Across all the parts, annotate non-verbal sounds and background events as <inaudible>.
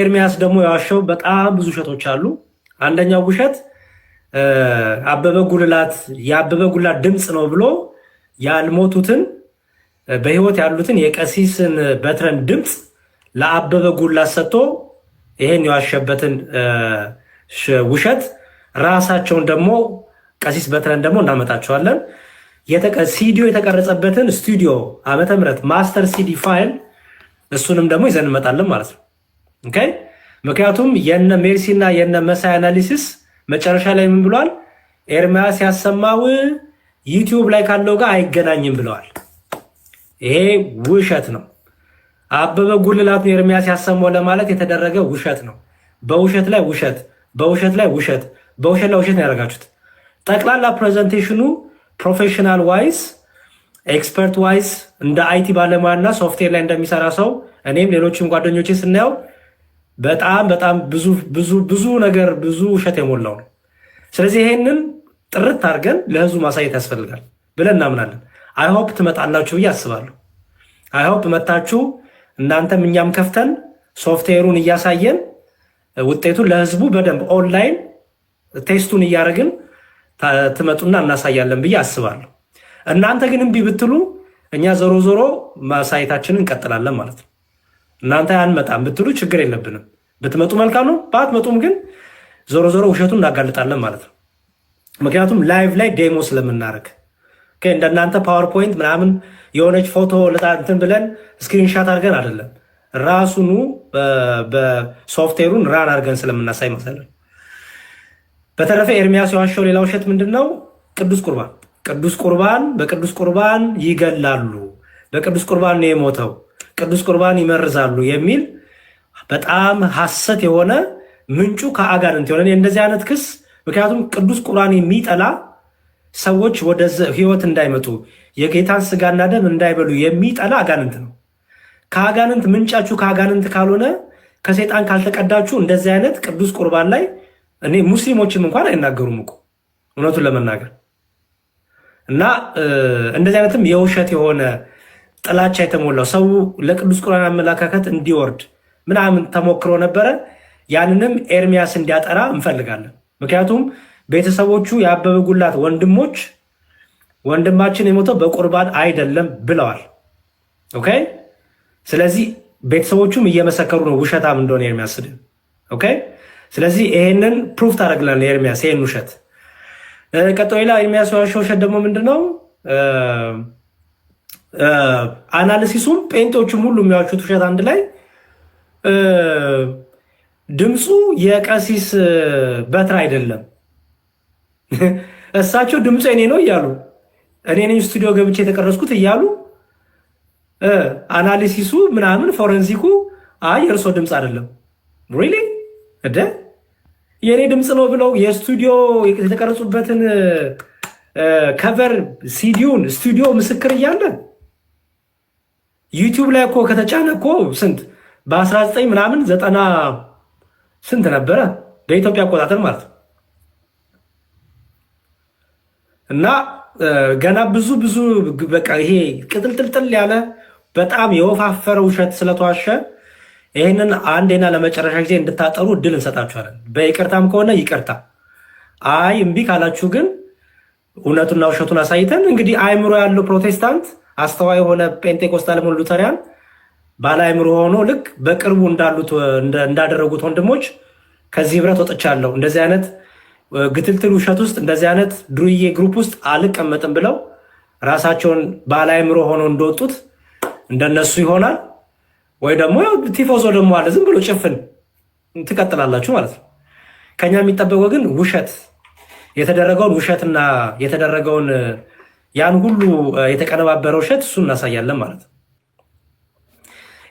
ኤርሚያስ ደግሞ የዋሸው በጣም ብዙ ውሸቶች አሉ። አንደኛው ውሸት አበበ ጉልላት የአበበ ጉልላት ድምፅ ነው ብሎ ያልሞቱትን በህይወት ያሉትን የቀሲስን በትረን ድምፅ ለአበበ ጉልላት ሰጥቶ ይሄን የዋሸበትን ውሸት ራሳቸውን ደግሞ ቀሲስ በትረን ደግሞ እናመጣቸዋለን። ሲዲዮ የተቀረጸበትን ስቱዲዮ ዓመተ ምህረት ማስተር ሲዲ ፋይል እሱንም ደግሞ ይዘን እንመጣለን ማለት ነው። ኦኬ። ምክንያቱም የነ ሜርሲ እና የነ መሳይ አናሊሲስ መጨረሻ ላይ ምን ብሏል? ኤርሚያስ ያሰማው ዩቲዩብ ላይ ካለው ጋር አይገናኝም ብለዋል። ይሄ ውሸት ነው። አበበ ጉልላት ኤርሚያስ ያሰማው ለማለት የተደረገ ውሸት ነው። በውሸት ላይ ውሸት፣ በውሸት ላይ ውሸት፣ በውሸት ላይ ውሸት ነው ያደረጋችሁት። ጠቅላላ ፕሬዘንቴሽኑ ፕሮፌሽናል ዋይስ ኤክስፐርት ዋይስ እንደ አይቲ ባለሙያና ሶፍትዌር ላይ እንደሚሰራ ሰው እኔም ሌሎችም ጓደኞቼ ስናየው በጣም በጣም ብዙ ብዙ ብዙ ነገር ብዙ ውሸት የሞላው ነው። ስለዚህ ይሄንን ጥርት አድርገን ለህዝቡ ማሳየት ያስፈልጋል ብለን እናምናለን። አይሆፕ ትመጣላችሁ ብዬ አስባለሁ። አይሆፕ መታችሁ እናንተም እኛም ከፍተን ሶፍትዌሩን እያሳየን ውጤቱን ለህዝቡ በደንብ ኦንላይን ቴስቱን እያደረግን ትመጡና እናሳያለን ብዬ አስባለሁ። እናንተ ግን እምቢ ብትሉ እኛ ዞሮ ዞሮ ማሳየታችንን እንቀጥላለን ማለት ነው። እናንተ አንመጣም ብትሉ ችግር የለብንም። ብትመጡ መልካም ነው። ባትመጡም ግን ዞሮ ዞሮ ውሸቱን እናጋልጣለን ማለት ነው። ምክንያቱም ላይቭ ላይ ዴሞ ስለምናደርግ እንደናንተ ፓወርፖይንት ምናምን የሆነች ፎቶ ልጣንትን ብለን ስክሪንሻት አድርገን አይደለም ራሱኑ በሶፍትዌሩን ራን አድርገን ስለምናሳይ መሰለን። በተረፈ ኤርሚያስ የዋሸው ሌላ ውሸት ምንድን ነው? ቅዱስ ቁርባን ቅዱስ ቁርባን በቅዱስ ቁርባን ይገላሉ፣ በቅዱስ ቁርባን ነው የሞተው፣ ቅዱስ ቁርባን ይመርዛሉ የሚል በጣም ሐሰት የሆነ ምንጩ ከአጋንንት የሆነ እንደዚህ አይነት ክስ ምክንያቱም ቅዱስ ቁርአን የሚጠላ ሰዎች ወደ ህይወት እንዳይመጡ የጌታን ስጋና ደም እንዳይበሉ የሚጠላ አጋንንት ነው። ከአጋንንት ምንጫችሁ ከአጋንንት ካልሆነ ከሴጣን ካልተቀዳችሁ እንደዚህ አይነት ቅዱስ ቁርባን ላይ እኔ ሙስሊሞችም እንኳን አይናገሩም እኮ እውነቱን ለመናገር እና እንደዚህ አይነትም የውሸት የሆነ ጥላቻ የተሞላው ሰው ለቅዱስ ቁርባን አመለካከት እንዲወርድ ምናምን ተሞክሮ ነበረ። ያንንም ኤርሚያስ እንዲያጠራ እንፈልጋለን። ምክንያቱም ቤተሰቦቹ የአበበ ጉላት ወንድሞች ወንድማችን የሞተው በቁርባን አይደለም ብለዋል። ኦኬ። ስለዚህ ቤተሰቦቹም እየመሰከሩ ነው ውሸታም እንደሆነ ኤርሚያስ ኦኬ። ስለዚህ ይሄንን ፕሩፍ ታደርግላለ ኤርሚያስ ይሄን ውሸት። ቀጥሎ ሌላ ኤርሚያስ የዋሸው ውሸት ደግሞ ምንድን ነው? አናሊሲሱም ጴንጤዎቹም ሁሉ የሚያዋሹት ውሸት አንድ ላይ ድምፁ የቀሲስ በትር አይደለም። እሳቸው ድምፁ እኔ ነው እያሉ እኔ ነኝ ስቱዲዮ ገብቼ የተቀረጽኩት እያሉ አናሊሲሱ ምናምን ፎረንሲኩ አይ የእርሶ ድምፅ አይደለም ሪሊ እደ የእኔ ድምፅ ነው ብለው የስቱዲዮ የተቀረጹበትን ከቨር ሲዲውን ስቱዲዮ ምስክር እያለ ዩቲዩብ ላይ እኮ ከተጫነ እኮ ስንት በ19 ምናምን ዘጠና ስንት ነበረ በኢትዮጵያ አቆጣጠር ማለት ነው። እና ገና ብዙ ብዙ በቃ ይሄ ቅጥልጥልጥል ያለ በጣም የወፋፈረ ውሸት ስለተዋሸ ይህንን አንዴና ለመጨረሻ ጊዜ እንድታጠሩ እድል እንሰጣችኋለን። በይቅርታም ከሆነ ይቅርታ፣ አይ እምቢ ካላችሁ ግን እውነቱና ውሸቱን አሳይተን እንግዲህ አእምሮ ያለው ፕሮቴስታንት አስተዋይ የሆነ ጴንጤቆስታል ሉተሪያን ባለአእምሮ ሆኖ ልክ በቅርቡ እንዳሉት እንዳደረጉት ወንድሞች ከዚህ ህብረት ወጥቻለሁ፣ እንደዚህ አይነት ግትልትል ውሸት ውስጥ እንደዚህ አይነት ዱርዬ ግሩፕ ውስጥ አልቀመጥም ብለው ራሳቸውን ባለአእምሮ ሆኖ እንደወጡት እንደነሱ ይሆናል ወይ ደግሞ ቲፎዞ ደግሞ አለ። ዝም ብሎ ጭፍን ትቀጥላላችሁ ማለት ነው። ከኛ የሚጠበቀው ግን ውሸት የተደረገውን ውሸትና የተደረገውን ያን ሁሉ የተቀነባበረ ውሸት እሱ እናሳያለን ማለት ነው።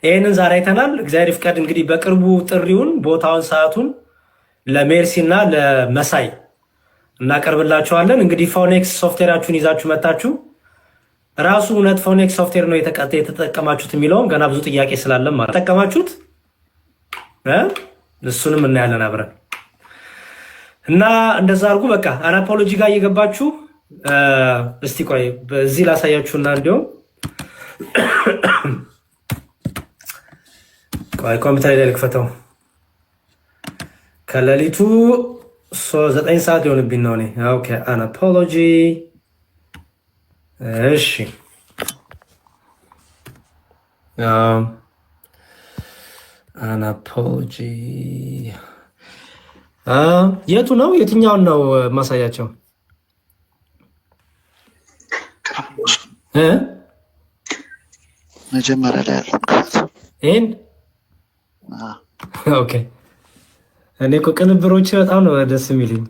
ይህንን ዛሬ አይተናል። እግዚአብሔር ይፍቀድ እንግዲህ በቅርቡ ጥሪውን ቦታውን፣ ሰዓቱን ለሜርሲ እና ለመሳይ እናቀርብላችኋለን። እንግዲህ ፎኔክስ ሶፍትዌራችሁን ይዛችሁ መታችሁ ራሱ እውነት ፎኔክስ ሶፍትዌር ነው የተጠቀማችሁት የሚለውም ገና ብዙ ጥያቄ ስላለን ማለት ተጠቀማችሁት፣ እሱንም እናያለን አብረን እና እንደዛ አርጉ በቃ አናፖሎጂ ጋር እየገባችሁ እስቲ ቆይ በዚህ ላሳያችሁና እንዲሁም ቆይ ኮምፒውተር ላይ ልክፈተው። ከሌሊቱ ዘጠኝ ሰዓት ሊሆንብኝ ነው። ኦኬ አን እሺ አን የቱ ነው? የትኛውን ነው ማሳያቸው? መጀመሪያ ላይ ያለው ይህን ኦኬ። እኔ እኮ ቅንብሮች በጣም ነው ደስ የሚልኝ።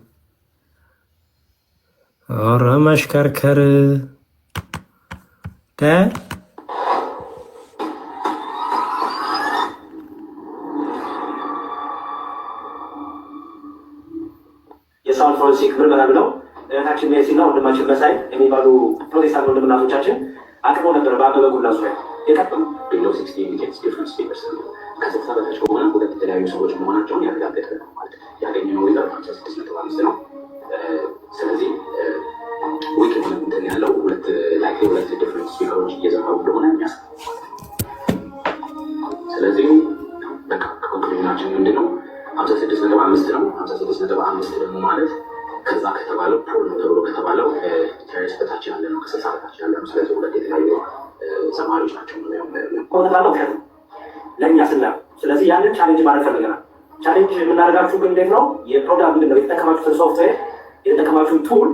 ኧረ ተ የሳን ፍራንሲክ ምርመራ ብለው እህታችን ሜሲ እና ወንድማችን መሳይ የሚባሉ ፕሮቴስታንት ወንድምናቶቻችን አቅርቦ ነበር በአበበ ጉላቱ ላይ የጠቅም ቢሎ ሲክስቲ ኢንዲኬትስ ዲፍረንስ ነው ከስልሳ በታች ከሆነ ሁለት የተለያዩ ሰዎች መሆናቸውን ያረጋገጠ ነው ማለት ያገኘ ነው ሪዛር ሀምሳ ስድስት ነጥብ አምስት ነው። ስለዚህ ዊክ የሆነ እንትን ያለው ሁለት ላይ ሁለት ዲፍረንስ ስፒከሮች እየዘራው እንደሆነ የሚያስ ስለዚህ በቃ ኮንክሉዥናችን ምንድን ነው? ሀምሳ ስድስት ነጥብ አምስት ነው። ሀምሳ ስድስት ነጥብ አምስት ደግሞ ማለት ከዛ ከተባለው ፖል ነው ተብሎ ከተባለው ቴሮሪስት በታች ያለ ነው፣ ከስልሳ በታች ያለ ነው። ስለዚህ ሁለት የተለያዩ ሰማሪዎች ናቸው ነው ለእኛ ስና ስለዚህ ያንን ቻሌንጅ ማድረግ ፈልገናል። ቻሌንጅ የምናደርጋችሁ ግን እንዴት ነው የፕሮግራም ምንድን ነው የተጠቀማችሁትን ሶፍትዌር የተጠቀማችሁን ቱል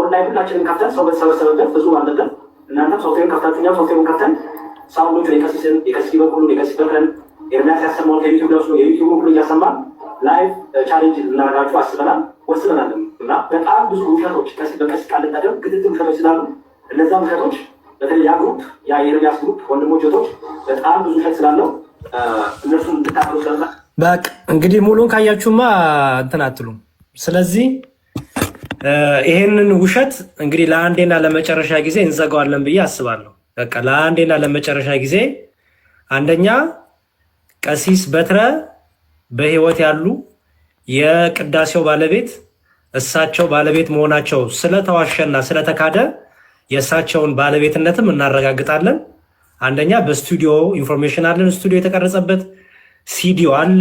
ኦንላይን ሁላችንን ከፍተን ሰው በተሰበሰበበት ብዙ አለብን። እናንተም ሶፍትዌርን ከፍታችሁ እኛም ሶፍትዌርን ከፍተን ሳውንዶቹን የከሲስን የከሲስ በኩሉን የከሲስ በክረን ኤርሚያስ ያሰማውን ከዩቲብ ደርሶ የዩቲብ ሁሉ እያሰማን ላይቭ ቻሌንጅ ልናደርጋችሁ አስበናል ወስነናል። እና በጣም ብዙ ከስ በቀስ ቃልታደም ክትትል ውሸቶች ስላሉ እነዛ ውሸቶች በተለይ ያ ግሩፕ ያ የኤርሚያስ ግሩፕ ወንድሞች ቶች በጣም ብዙ ውሸት ስላለው እነሱን እንድታቀሉ ስለዛ በቃ እንግዲህ ሙሉን ካያችሁማ እንትን አትሉም። ስለዚህ ይሄንን ውሸት እንግዲህ ለአንዴና ለመጨረሻ ጊዜ እንዘጋዋለን ብዬ አስባለሁ። በቃ ለአንዴና ለመጨረሻ ጊዜ አንደኛ ቀሲስ በትረ በህይወት ያሉ የቅዳሴው ባለቤት እሳቸው ባለቤት መሆናቸው ስለተዋሸና ስለተካደ የእሳቸውን ባለቤትነትም እናረጋግጣለን። አንደኛ በስቱዲዮ ኢንፎርሜሽን አለን። ስቱዲዮ የተቀረጸበት ሲዲዮ አለ፣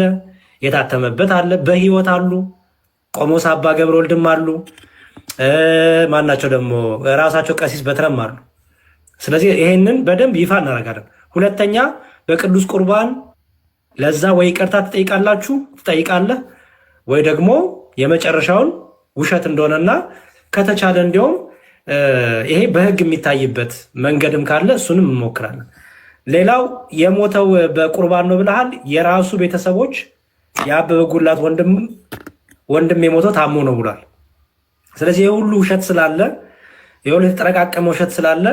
የታተመበት አለ። በህይወት አሉ። ቆሞስ አባ ገብረ ወልድም አሉ። ማናቸው ደግሞ ራሳቸው ቀሲስ በትረም አሉ። ስለዚህ ይሄንን በደንብ ይፋ እናደርጋለን። ሁለተኛ በቅዱስ ቁርባን ለዛ ወይ ቀርታ ትጠይቃላችሁ ትጠይቃለህ ወይ ደግሞ የመጨረሻውን ውሸት እንደሆነና ከተቻለ እንዲያውም ይሄ በህግ የሚታይበት መንገድም ካለ እሱንም እንሞክራለን። ሌላው የሞተው በቁርባን ነው ብለሃል። የራሱ ቤተሰቦች የአበበ ጉላት ወንድም ወንድም የሞተው ታሞ ነው ብሏል። ስለዚህ የሁሉ ውሸት ስላለ የሁሉ የተጠረቃቀመ ውሸት ስላለ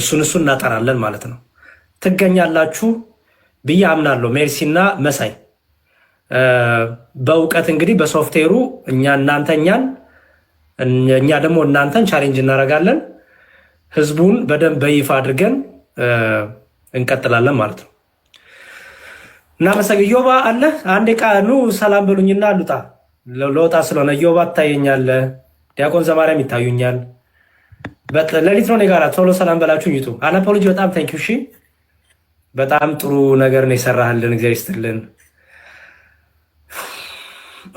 እሱን እሱ እናጠራለን ማለት ነው። ትገኛላችሁ ብዬ አምናለሁ። ሜርሲና መሳይ በእውቀት እንግዲህ በሶፍትዌሩ እኛ እናንተ እኛን እኛ ደግሞ እናንተን ቻሌንጅ እናደርጋለን። ህዝቡን በደንብ በይፋ አድርገን እንቀጥላለን ማለት ነው። እናመሰግ ዮባ አለ አንዴ ቃ ኑ ሰላም በሉኝና አሉጣ ለወጣ ስለሆነ ዮባ ትታየኛለ፣ ዲያቆን ዘማርያም ይታዩኛል። ለሊት ነው ጋራ ቶሎ ሰላም በላችሁ ይጡ አናፖሎጂ በጣም ታንኪ። እሺ በጣም ጥሩ ነገር ነው የሰራህልን፣ እግዚአብሔር ይስጥልን።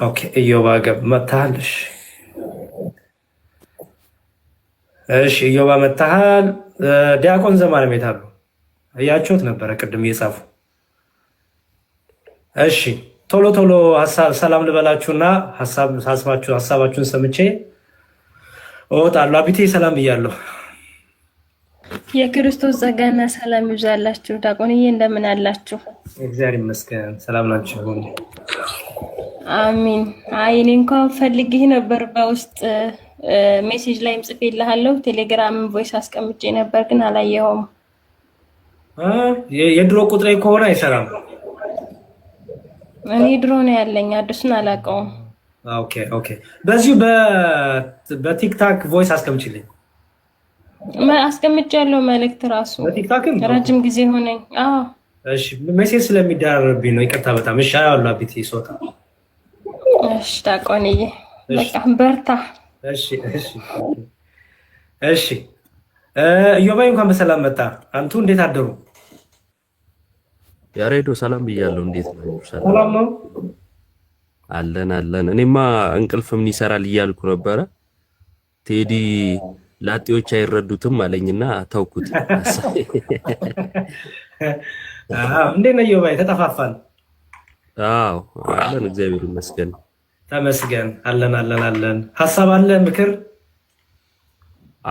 ኦኬ ኢዮብ ገብ መታሃል። እሺ ኢዮብ መታሃል። ዲያቆን ዘማር ቤት አሉ እያቸውት ነበረ ቅድም እየጻፉ እሺ፣ ቶሎ ቶሎ ሰላም ልበላችሁና ሀሳባችሁን ሰምቼ እወጣለሁ። አቢቴ ሰላም ብያለሁ። የክርስቶስ ጸጋና ሰላም ይብዛላችሁ። ዲያቆንዬ እንደምን አላችሁ? እግዚአብሔር ይመስገን ሰላም ናችሁ? አሚን። አይ እኔ እንኳን ፈልጌህ ነበር በውስጥ ሜሴጅ ላይም ጽፌልሃለሁ። ቴሌግራም ቮይስ አስቀምጬ ነበር ግን አላየኸውም። የድሮ ቁጥሬ ከሆነ አይሰራም። እኔ ድሮ ነው ያለኝ፣ አዲሱን አላውቀውም። በዚሁ በቲክታክ ቮይስ አስቀምጪልኝ አስቀምጫ ያለው መልእክት ራሱ ረጅም ጊዜ ሆነኝ። መሴት ስለሚደራረብኝ ነው። ይቅርታ በጣም እሻ ያሉ አቤት ይሶታ ዳቆንዬ በርታ። እሺ እዮባይ እንኳን በሰላም መጣ። አንቱ እንዴት አደሩ? ያሬዶ ሰላም ብያለሁ። እንዴት ነው? ሰላም ነው አለን አለን። እኔማ እንቅልፍ ምን ይሰራል እያልኩ ነበረ ቴዲ ላጤዎች አይረዱትም አለኝና ተውኩት። <laughs> እንዴት ነው ዮባይ? ተጠፋፋን። አዎ አለን፣ እግዚአብሔር ይመስገን። ተመስገን። አለን አለን አለን። ሀሳብ አለ ምክር?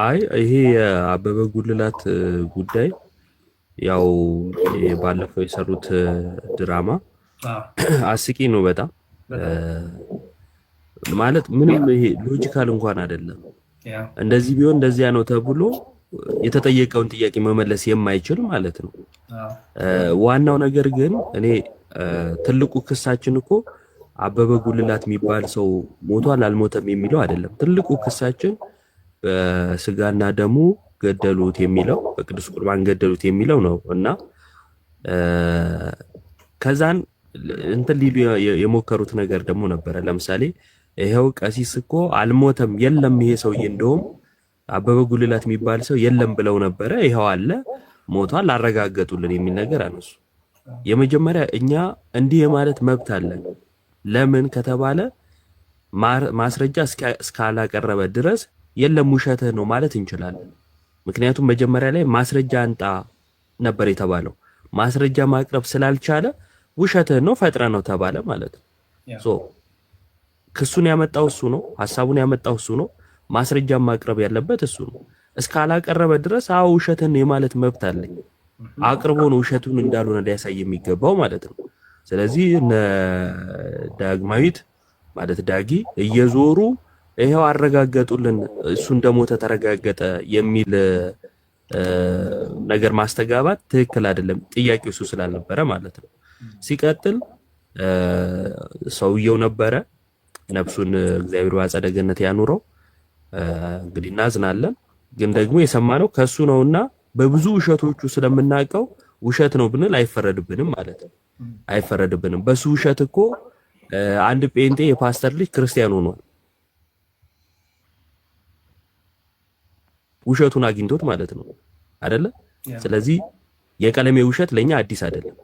አይ ይሄ የአበበ ጉልላት ጉዳይ ያው ባለፈው የሰሩት ድራማ አስቂ ነው በጣም ማለት ምንም ይሄ ሎጂካል እንኳን አይደለም እንደዚህ ቢሆን እንደዚያ ነው ተብሎ የተጠየቀውን ጥያቄ መመለስ የማይችል ማለት ነው። ዋናው ነገር ግን እኔ ትልቁ ክሳችን እኮ አበበ ጉልላት የሚባል ሰው ሞቷል አልሞተም የሚለው አይደለም። ትልቁ ክሳችን በስጋና ደሙ ገደሉት የሚለው በቅዱስ ቁርባን ገደሉት የሚለው ነው እና ከዛን እንትን ሊሉ የሞከሩት ነገር ደግሞ ነበረ። ለምሳሌ ይኸው ቀሲስ እኮ አልሞተም የለም ይሄ ሰውዬ እንደውም አበበ ጉልላት የሚባል ሰው የለም ብለው ነበረ፣ ይኸው አለ ሞቷል፣ አረጋገጡልን የሚል ነገር አነሱ። የመጀመሪያ እኛ እንዲህ የማለት መብት አለን። ለምን ከተባለ ማስረጃ እስካላቀረበ ድረስ የለም ውሸትህ ነው ማለት እንችላለን። ምክንያቱም መጀመሪያ ላይ ማስረጃ አንጣ ነበር የተባለው። ማስረጃ ማቅረብ ስላልቻለ ውሸትህ ነው ፈጥረ ነው ተባለ ማለት ነው። ክሱን ያመጣው እሱ ነው። ሀሳቡን ያመጣው እሱ ነው። ማስረጃ ማቅረብ ያለበት እሱ ነው። እስካላቀረበ ድረስ አዎ ውሸትን የማለት መብት አለኝ። አቅርቦ ነው ውሸቱን እንዳልሆነ ሊያሳይ የሚገባው ማለት ነው። ስለዚህ ዳግማዊት ማለት ዳጊ እየዞሩ ይሄው አረጋገጡልን፣ እሱ እንደሞተ ተረጋገጠ የሚል ነገር ማስተጋባት ትክክል አይደለም። ጥያቄው እሱ ስላልነበረ ማለት ነው። ሲቀጥል ሰውየው ነበረ ነፍሱን እግዚአብሔር በአጸደ ገነት ያኑረው። እንግዲህ እናዝናለን፣ ግን ደግሞ የሰማነው ከሱ ነውና በብዙ ውሸቶቹ ስለምናውቀው ውሸት ነው ብንል አይፈረድብንም ማለት ነው። አይፈረድብንም። በሱ ውሸት እኮ አንድ ጴንጤ የፓስተር ልጅ ክርስቲያን ሆኗል። ውሸቱን አግኝቶት ማለት ነው አደለ? ስለዚህ የቀለሜ ውሸት ለኛ አዲስ አይደለም።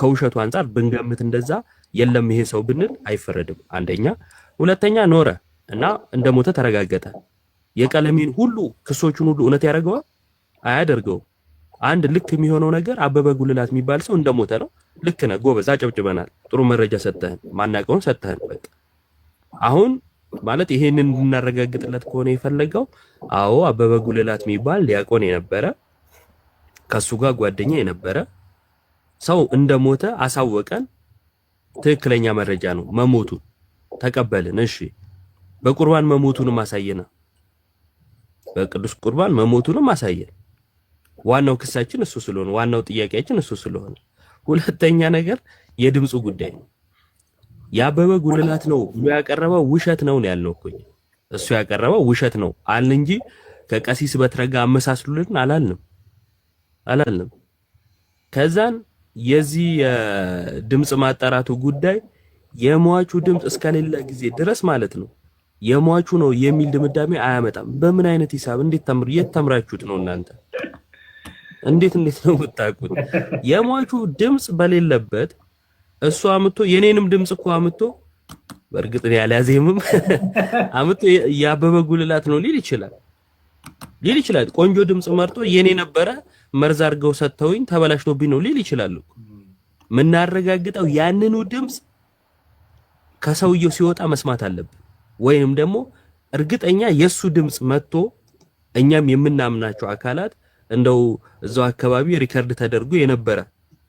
ከውሸቱ አንጻር ብንገምት እንደዛ የለም ይሄ ሰው ብንል አይፈረድም። አንደኛ ሁለተኛ ኖረ እና እንደ ሞተ ተረጋገጠ። የቀለሜን ሁሉ ክሶቹን ሁሉ እውነት ያደርገዋል? አያደርገውም። አንድ ልክ የሚሆነው ነገር አበበ ጉልላት የሚባል ሰው እንደሞተ ነው። ልክ ነህ ጎበዝ፣ አጨብጭበናል። ጥሩ መረጃ ሰጠህን፣ ማናቀውን ሰጠህን። በቃ አሁን ማለት ይሄንን እንድናረጋግጥለት ከሆነ የፈለገው አዎ አበበ ጉልላት የሚባል ዲያቆን የነበረ ከሱ ጋር ጓደኛ የነበረ ሰው እንደሞተ አሳወቀን። ትክክለኛ መረጃ ነው መሞቱን። ተቀበልን። እሺ በቁርባን መሞቱንም አሳየና በቅዱስ ቁርባን መሞቱንም አሳየን። ዋናው ክሳችን እሱ ስለሆነ፣ ዋናው ጥያቄያችን እሱ ስለሆነ፣ ሁለተኛ ነገር የድምፁ ጉዳይ ነው። የአበበ ጉልላት ነው ብሎ ያቀረበው ውሸት ነው ያልነው እኮ እሱ ያቀረበው ውሸት ነው አልን እንጂ ከቀሲስ በትረጋ አመሳስሉልን አላልንም አላልንም። ከዛን የዚህ የድምፅ ማጣራቱ ጉዳይ የሟቹ ድምፅ እስከሌለ ጊዜ ድረስ ማለት ነው የሟቹ ነው የሚል ድምዳሜ አያመጣም። በምን አይነት ሂሳብ እንዴት ተምር የት ተምራችሁት ነው እናንተ? እንዴት እንዴት ነው የምታውቁት? የሟቹ ድምፅ በሌለበት እሱ አምቶ የኔንም ድምፅ እኮ አምቶ በእርግጥ ነው ያላዜምም አምቶ ያበበ ጉልላት ነው ሊል ይችላል ሊል ይችላል። ቆንጆ ድምፅ መርጦ የኔ ነበረ መርዝ አድርገው ሰጥተውኝ ተበላሽቶብኝ ነው ሊል ይችላል። የምናረጋግጠው ያንኑ ድምፅ ከሰውየው ሲወጣ መስማት አለብን። ወይንም ደግሞ እርግጠኛ የሱ ድምፅ መጥቶ እኛም የምናምናቸው አካላት እንደው እዛው አካባቢ ሪከርድ ተደርጎ የነበረ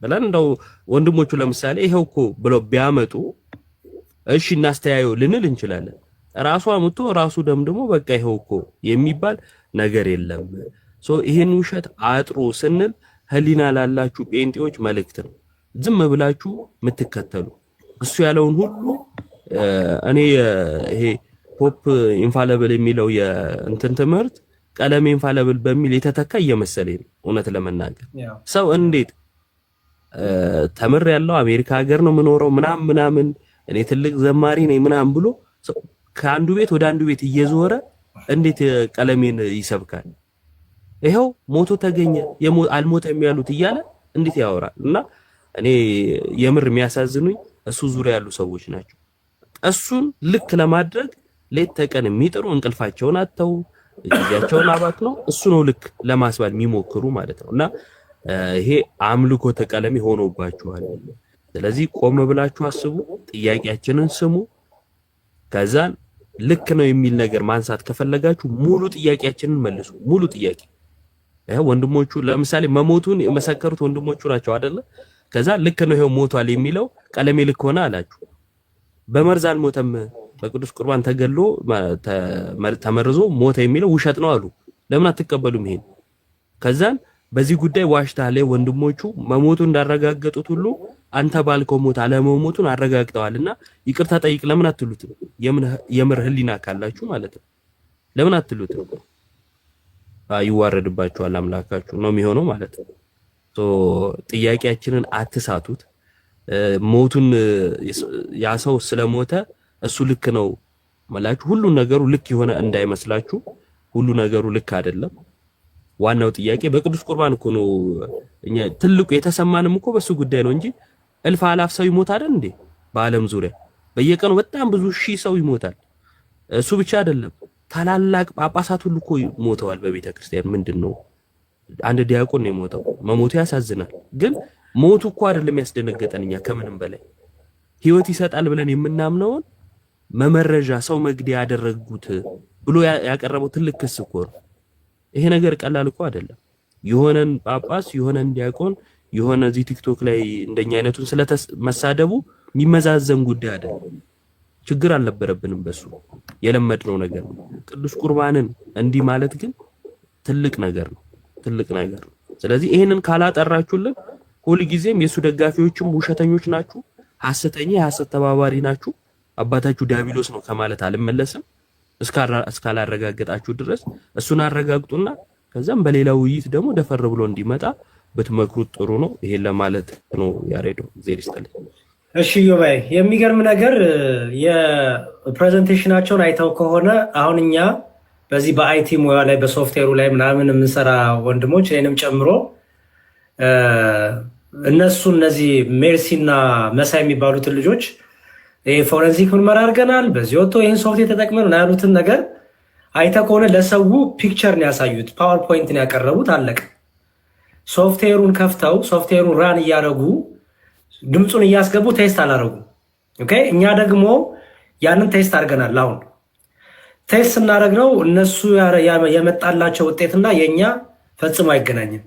ብለን እንደው ወንድሞቹ ለምሳሌ ይሄው እኮ ብለው ቢያመጡ እሺ እናስተያየው ልንል እንችላለን። ራሱ አምጥቶ ራሱ ደምድሞ በቃ ይሄው እኮ የሚባል ነገር የለም። ሶ ይሄን ውሸት አጥሩ ስንል ህሊና ላላችሁ ጴንጤዎች መልእክት ነው። ዝም ብላችሁ የምትከተሉ እሱ ያለውን ሁሉ እኔ ይሄ ፖፕ ኢንፋለብል የሚለው የእንትን ትምህርት ቀለም ኢንፋለብል በሚል የተተካ እየመሰለኝ ነው። እውነት ለመናገር ሰው እንዴት ተምር ያለው አሜሪካ ሀገር ነው የምኖረው ምናምን ምናምን እኔ ትልቅ ዘማሪ ነኝ ምናምን ብሎ ከአንዱ ቤት ወደ አንዱ ቤት እየዞረ እንዴት ቀለሜን ይሰብካል? ይኸው ሞቶ ተገኘ አልሞተ ያሉት እያለ እንዴት ያወራል? እና እኔ የምር የሚያሳዝኑኝ እሱ ዙሪያ ያሉ ሰዎች ናቸው። እሱን ልክ ለማድረግ ሌት ተቀን የሚጥሩ እንቅልፋቸውን አተው ጊዜያቸውን አባክነው እሱ ነው ልክ ለማስባል የሚሞክሩ ማለት ነው። እና ይሄ አምልኮ ተቀለም ሆኖባችኋል። ስለዚህ ቆም ብላችሁ አስቡ፣ ጥያቄያችንን ስሙ። ከዛን ልክ ነው የሚል ነገር ማንሳት ከፈለጋችሁ ሙሉ ጥያቄያችንን መልሱ። ሙሉ ጥያቄ ወንድሞቹ ለምሳሌ መሞቱን የመሰከሩት ወንድሞቹ ናቸው አይደለ? ከዛ ልክ ነው ይሄው ሞቷል የሚለው ቀለሜ ልክ ሆነ አላችሁ። በመርዝ አልሞተም በቅዱስ ቁርባን ተገሎ ተመርዞ ሞተ የሚለው ውሸት ነው አሉ። ለምን አትቀበሉም ይሄን? ከዛን በዚህ ጉዳይ ላይ ወንድሞቹ መሞቱ እንዳረጋገጡት ሁሉ አንተ ባልከው ሞት አለመሞቱን አረጋግጠዋልና ይቅርታ ጠይቅ ለምን አትሉት? የምር ህሊና ካላችሁ ማለት ነው። ለምን አትሉት? ይዋረድባችኋል አምላካችሁ ነው የሚሆነው ማለት ነው። ጥያቄያችንን አትሳቱት። ሞቱን ያ ሰው ስለሞተ እሱ ልክ ነው መላችሁ ሁሉ ነገሩ ልክ የሆነ እንዳይመስላችሁ። ሁሉ ነገሩ ልክ አይደለም። ዋናው ጥያቄ በቅዱስ ቁርባን እኮ ነው። እኛ ትልቁ የተሰማንም እኮ በሱ ጉዳይ ነው እንጂ እልፍ አላፍ ሰው ይሞት አይደል እንዴ? በዓለም ዙሪያ በየቀኑ በጣም ብዙ ሺህ ሰው ይሞታል። እሱ ብቻ አይደለም፣ ታላላቅ ጳጳሳት ሁሉ እኮ ሞተዋል በቤተ ክርስቲያን። ምንድን ነው አንድ ዲያቆን ነው የሞተው። መሞቱ ያሳዝናል ግን ሞቱ እኮ አይደለም ያስደነገጠን። እኛ ከምንም በላይ ህይወት ይሰጣል ብለን የምናምነውን መመረዣ ሰው መግደያ ያደረጉት ብሎ ያቀረበው ትልቅ ክስ እኮ ነው። ይሄ ነገር ቀላል እኮ አይደለም። የሆነን ጳጳስ የሆነን ዲያቆን የሆነ እዚህ ቲክቶክ ላይ እንደኛ አይነቱን ስለመሳደቡ የሚመዛዘን ጉዳይ አይደለም። ችግር አልነበረብንም በሱ የለመድነው ነገር ነው። ቅዱስ ቁርባንን እንዲህ ማለት ግን ትልቅ ነገር ነው፣ ትልቅ ነገር ነው። ስለዚህ ይሄንን ካላጠራችሁልን ሁልጊዜም የእሱ ደጋፊዎችም ውሸተኞች ናችሁ፣ ሀሰተኛ የሀሰት ተባባሪ ናችሁ፣ አባታችሁ ዲያብሎስ ነው ከማለት አልመለስም እስካላረጋገጣችሁ ድረስ። እሱን አረጋግጡና ከዛም በሌላ ውይይት ደግሞ ደፈር ብሎ እንዲመጣ ብትመክሩት ጥሩ ነው። ይሄን ለማለት ነው ያሬዶ ዜር እሺ ዮባይ፣ የሚገርም ነገር የፕሬዘንቴሽናቸውን አይተው ከሆነ አሁን እኛ በዚህ በአይቲ ሙያ ላይ በሶፍትዌሩ ላይ ምናምን የምንሰራ ወንድሞች እኔንም ጨምሮ እነሱ እነዚህ ሜርሲና መሳይ የሚባሉትን ልጆች ይሄ ፎረንሲክ ምርመራ አድርገናል፣ በዚህ ወጥቶ ይህን ሶፍትዌር ተጠቅመን ያሉትን ነገር አይተ ከሆነ ለሰው ፒክቸር ነው ያሳዩት፣ ፓወርፖይንት ነው ያቀረቡት፣ አለቀ። ሶፍትዌሩን ከፍተው ሶፍትዌሩን ራን እያደረጉ ድምፁን እያስገቡ ቴስት አላደረጉ። እኛ ደግሞ ያንን ቴስት አድርገናል። አሁን ቴስት ስናደርግ ነው እነሱ የመጣላቸው ውጤትና የእኛ ፈጽሞ አይገናኝም።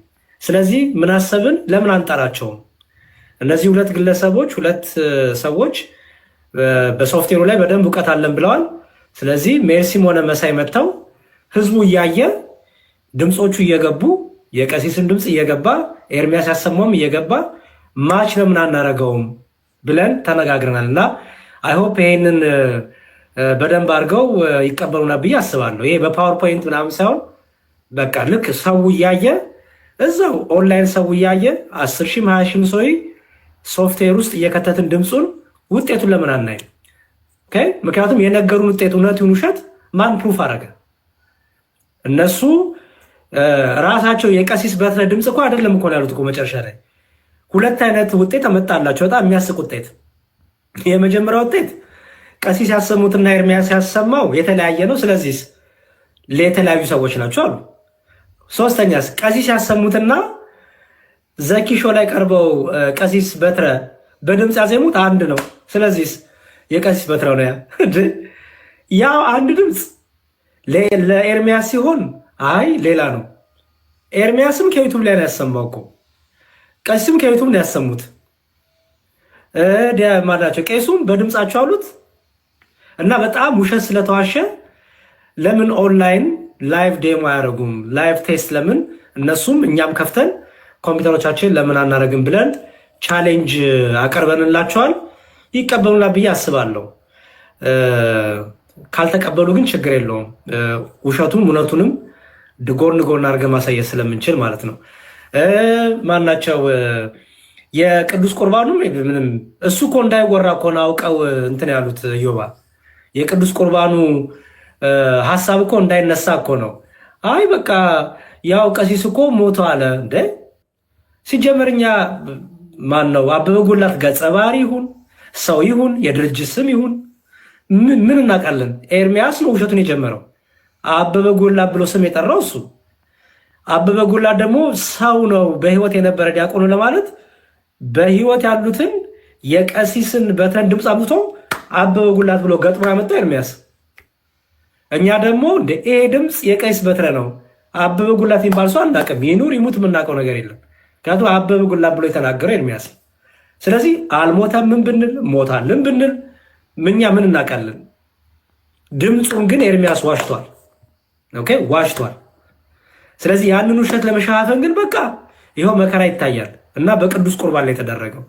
ስለዚህ ምናሰብን ለምን አንጠራቸውም? እነዚህ ሁለት ግለሰቦች ሁለት ሰዎች በሶፍትዌሩ ላይ በደንብ እውቀት አለን ብለዋል። ስለዚህ ሜርሲም ሆነ መሳይ መጥተው ህዝቡ እያየ ድምፆቹ እየገቡ የቀሲስን ድምፅ እየገባ ኤርሚያስ ያሰማውም እየገባ ማች ለምን አናረገውም ብለን ተነጋግረናል እና አይሆፕ ይሄንን በደንብ አድርገው ይቀበሉና ብዬ አስባለሁ። ይሄ በፓወርፖይንት ምናምን ሳይሆን በቃ ልክ ሰው እያየ እዛው ኦንላይን ሰው እያየ አስር ሺም ሀያ ሺም ሰው ሶፍትዌር ውስጥ እየከተትን ድምፁን ውጤቱን ለምን አናይ? ምክንያቱም የነገሩን ውጤት እውነት ይሁን ውሸት ማን ፕሩፍ አደረገ? እነሱ ራሳቸው የቀሲስ በትረ ድምፅ እኮ አይደለም እኮ ያሉት መጨረሻ ላይ ሁለት አይነት ውጤት አመጣላቸው። በጣም የሚያስቅ ውጤት። የመጀመሪያ ውጤት ቀሲስ ያሰሙትና ኤርሚያስ ያሰማው የተለያየ ነው። ስለዚህ የተለያዩ ሰዎች ናቸው አሉ። ሶስተኛስ ቀሲስ ያሰሙትና ዘኪሾ ላይ ቀርበው ቀሲስ በትረ በድምፅ ያዜሙት አንድ ነው። ስለዚህ የቀሲስ በትረ ነው። ያ አንድ ድምፅ ለኤርሚያስ ሲሆን አይ ሌላ ነው። ኤርሚያስም ከዩቱብ ላይ ነው ያሰማው እኮ ቀሲስም ከዩቱብ ነው ያሰሙት። ማናቸው ቄሱም በድምፃቸው አሉት እና በጣም ውሸት ስለተዋሸ ለምን ኦንላይን ላይቭ ዴሞ አያደርጉም? ላይቭ ቴስት ለምን እነሱም እኛም ከፍተን ኮምፒውተሮቻችን ለምን አናደርግም ብለን ቻሌንጅ አቀርበንላቸዋል። ይቀበሉናል ብዬ አስባለሁ። ካልተቀበሉ ግን ችግር የለውም። ውሸቱም እውነቱንም ድጎን ጎን አድርገን ማሳየት ስለምንችል ማለት ነው። ማናቸው የቅዱስ ቁርባኑ ምንም እሱ እኮ እንዳይወራ ከሆነ አውቀው እንትን ያሉት ዮባ የቅዱስ ቁርባኑ ሀሳብ እኮ እንዳይነሳ እኮ ነው። አይ በቃ ያው ቀሲስ እኮ ሞቶ አለ እንደ ሲጀመርኛ እኛ ማን ነው አበበ ጎላት ገጸ ባህሪ ይሁን ሰው ይሁን የድርጅት ስም ይሁን ምን እናውቃለን? ኤርሚያስ ነው ውሸቱን የጀመረው። አበበ ጎላት ብሎ ስም የጠራው እሱ። አበበ ጎላት ደግሞ ሰው ነው በህይወት የነበረ ዲያቆኑ ለማለት በህይወት ያሉትን የቀሲስን በተን ድምፅ አምጥቶ አበበ ጎላት ብሎ ገጥሞ ያመጣው ኤርሚያስ እኛ ደግሞ እንደ ይሄ ድምፅ የቀይስ በትረ ነው አበበ ጉላት የሚባል ሰው አናውቅም። ይኑር ይሙት የምናውቀው ነገር የለም። ምክንያቱም አበበ ጉላት ብሎ የተናገረው ኤርሚያስ። ስለዚህ ምን ብንል ሞታልን ብንል እኛ ምን እናውቃለን? ድምፁን ግን ኤርሚያስ ዋሽቷል፣ ዋሽቷል። ስለዚህ ያንን ውሸት ለመሸፋፈን ግን በቃ ይኸው መከራ ይታያል እና በቅዱስ ቁርባን ላይ የተደረገው